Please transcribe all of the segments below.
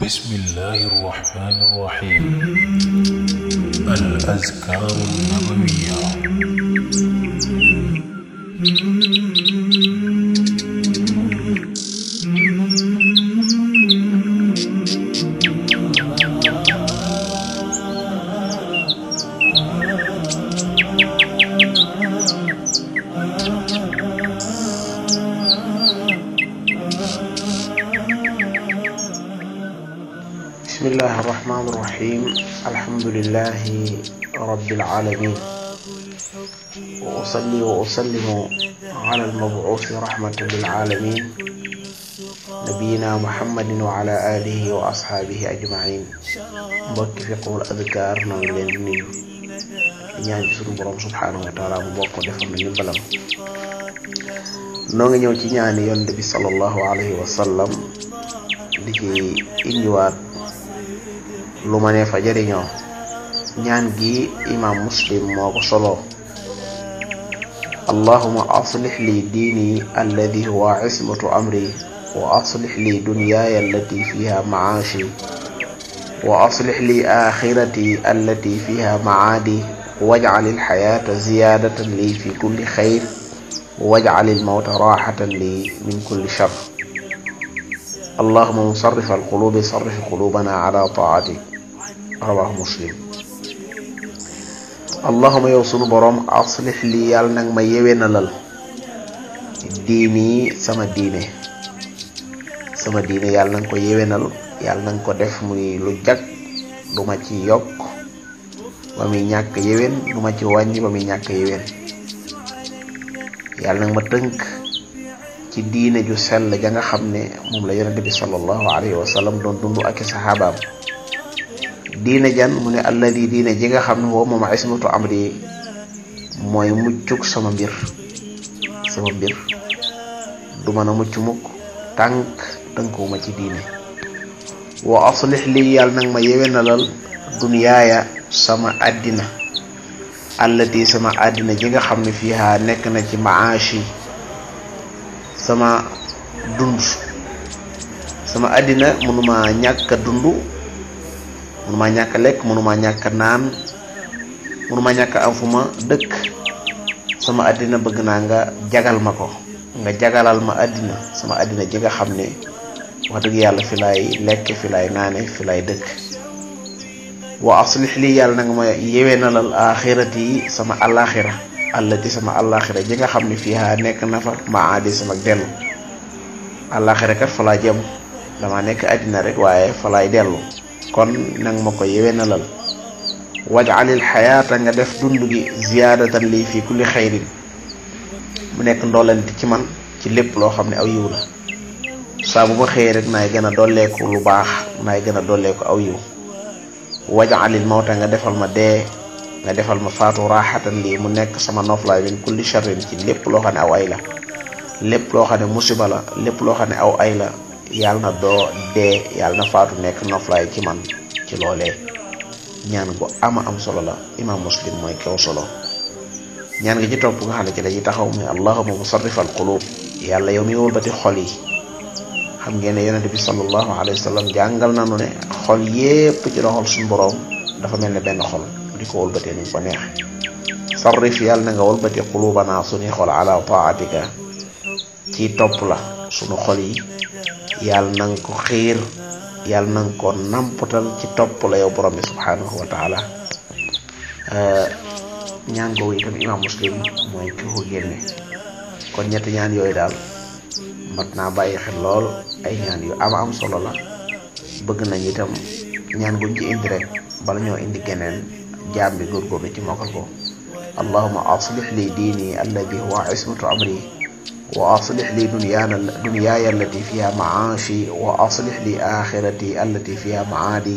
بسم الله الرحمن الرحيم الأذكار النبوية bismillahi irrahmani irrahim alhamdulilahi rabilalamin wa usalli wa usallimu ala almabuusi rahmatan lilaalamin nabiyina muhammadin wa ala alihi wa ashaabihi ajmain mbokki fiqhul adkaar noo ngi leen di nuyu ñaan ci suñu borom subhaanahu wa taala mu bokk defal na ñu balam noo ngi ñëw ci ñaani yonent bi sallallahu alayhi wa sallam di ci indiwaat lu ma ne fa jariñoo ñaan gi imaam muslim moo ko solo allahuma aslix li diini alladi huwa ismatu amri wa aslix li dunyaaya allati fiha maashi wa aslix li axirati allati fiha maadi wajcal ilxayaata ziyaadatan li fi kulli xayr wajcal ilmawta raaxatan li min kulli shar allahuma musarrif alqulubi sarrif qulubana ala taatik rawaahu muslim allahuma yow sunu boroom aslix li yàlla nag ma yewenalal diini sama diine sama diine yàlla nanga ko yewenal yàlla nanga ko def muy lu jag du ma ci yokk ba muy ñàkk yewen du ma ci wàññi ba muy ñàkk yewen yàlla nag ma tënk ci diine ju sell ja nga xam ne moom la yonente bi sallallahu alayhi wa sallam doon dund ak i saxaabaam diina jan mu ne alladi diina ji nga xam ne woo moom ismatu amri mooy muccuk sama mbir sama mbir du mën a mucc mukk tànk tënkuwuma ci diine wa aslix lii yàlla nag ma yewenalal duniyaaya sama àddina allati sama àddina ji nga xam ne fii haa nekk na ci maashi sama dund sama àddina mënuma ñàkk a dund mënumaa ñàkk a lekk mënumaa ñàkk a naan mënumaa ñàkk am fu ma dëkk sama àddina bëgg naa nga jagal ma ko nga jagalal ma àddina sama àddina ji nga xam ne wax dëgg yàlla fi laay lekk fi laay naane fi lay dëkk wa aslix lii yàlla na nga ma yewenalal axirati yi sama alaxira allati sama alaxira ji nga xam ne fiiha nekk na fa ma aadi sama dellu alaxira kat fa laa jëm damaa nekk àddina rek waaye fa laay dellu kon nang ma ko yewenalal wajalil xayaata nga def dund gi ziyaadatan lii fii kulli xayrin mu nekk ndollanti ci man ci lépp loo xam ne aw yiw la saa bu ma xëyee rek naay gën a dolleeku lu baax naay gën a dolleeku aw yiw wajalil mawta nga defal ma dee nga defal ma faatu raaxatan lii mu nekk sama noflaay min kulli sharrin ci lépp loo xam ne aw ay la lépp loo xam ne musiba la lépp loo xam ne aw ay la yàlla na doo dee yàlla na faatu nekk noflaay ci man ci loolee ñaan gu ama am solo la imam muslim mooy kew solo ñaan gi ci topp nga xam ne ci lañuy taxaw muy allahuma musarrifal qulub yàlla yow mi wëlbati xol yi xam ngeen ne yonente bi sallallahu alayhi wa sallam jàngal nanu ne xol yépp ci loxol suñu boroom dafa mel ne benn xol di ko wëlbatee ni ko neex sarrif yàlla na nga wëlbati qulubanaa suñuy xol ala taatika ci topp la suñu xol yi yàlla na nga ko xiir yàlla na ko nàmpatal ci topp la yow borom bi subhanahu wa eh, ñaan googu itam imam muslim mooy ki ko génne kon ñetti ñaan yooyu daal mat naa bàyyi xel lool ay ñaan yu am am solo la bëgg nañ itam ñaan guñ ci indi rek bala ñoo indi geneen jaam bi góorgóorlu ci mokkal ko allahuma aslih li diini alladi huwa ismatu amri wa aslix li dunyaana dunyaaya allati fiha maashi wa aslix li axirati allati fiha maadi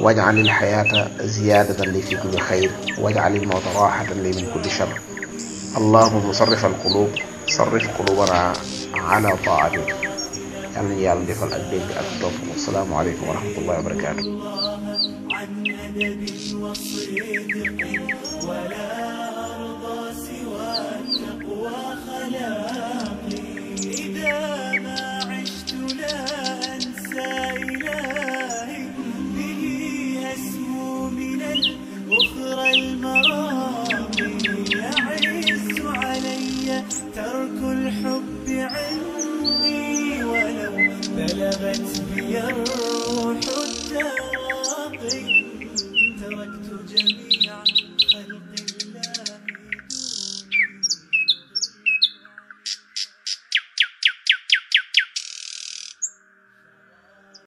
wajcal ilxayaata ziyaadatan li fi kulli xayr wajcal ilmawta raaxatan li min kulli shar allahuma musarrif alqulub sarrif qulubana ala taatik yàlla nañu yàlla defal ak dégg ak topp asalaamaaleykum wa rahmatullahi wa barakaatu عن وخلاقي إذا ما عشت لا أنسى إلهي به أسمو من الأخرى المراقي يعز علي ترك الحب عندي ولو بلغت بي الروح التراقي تركت جميعا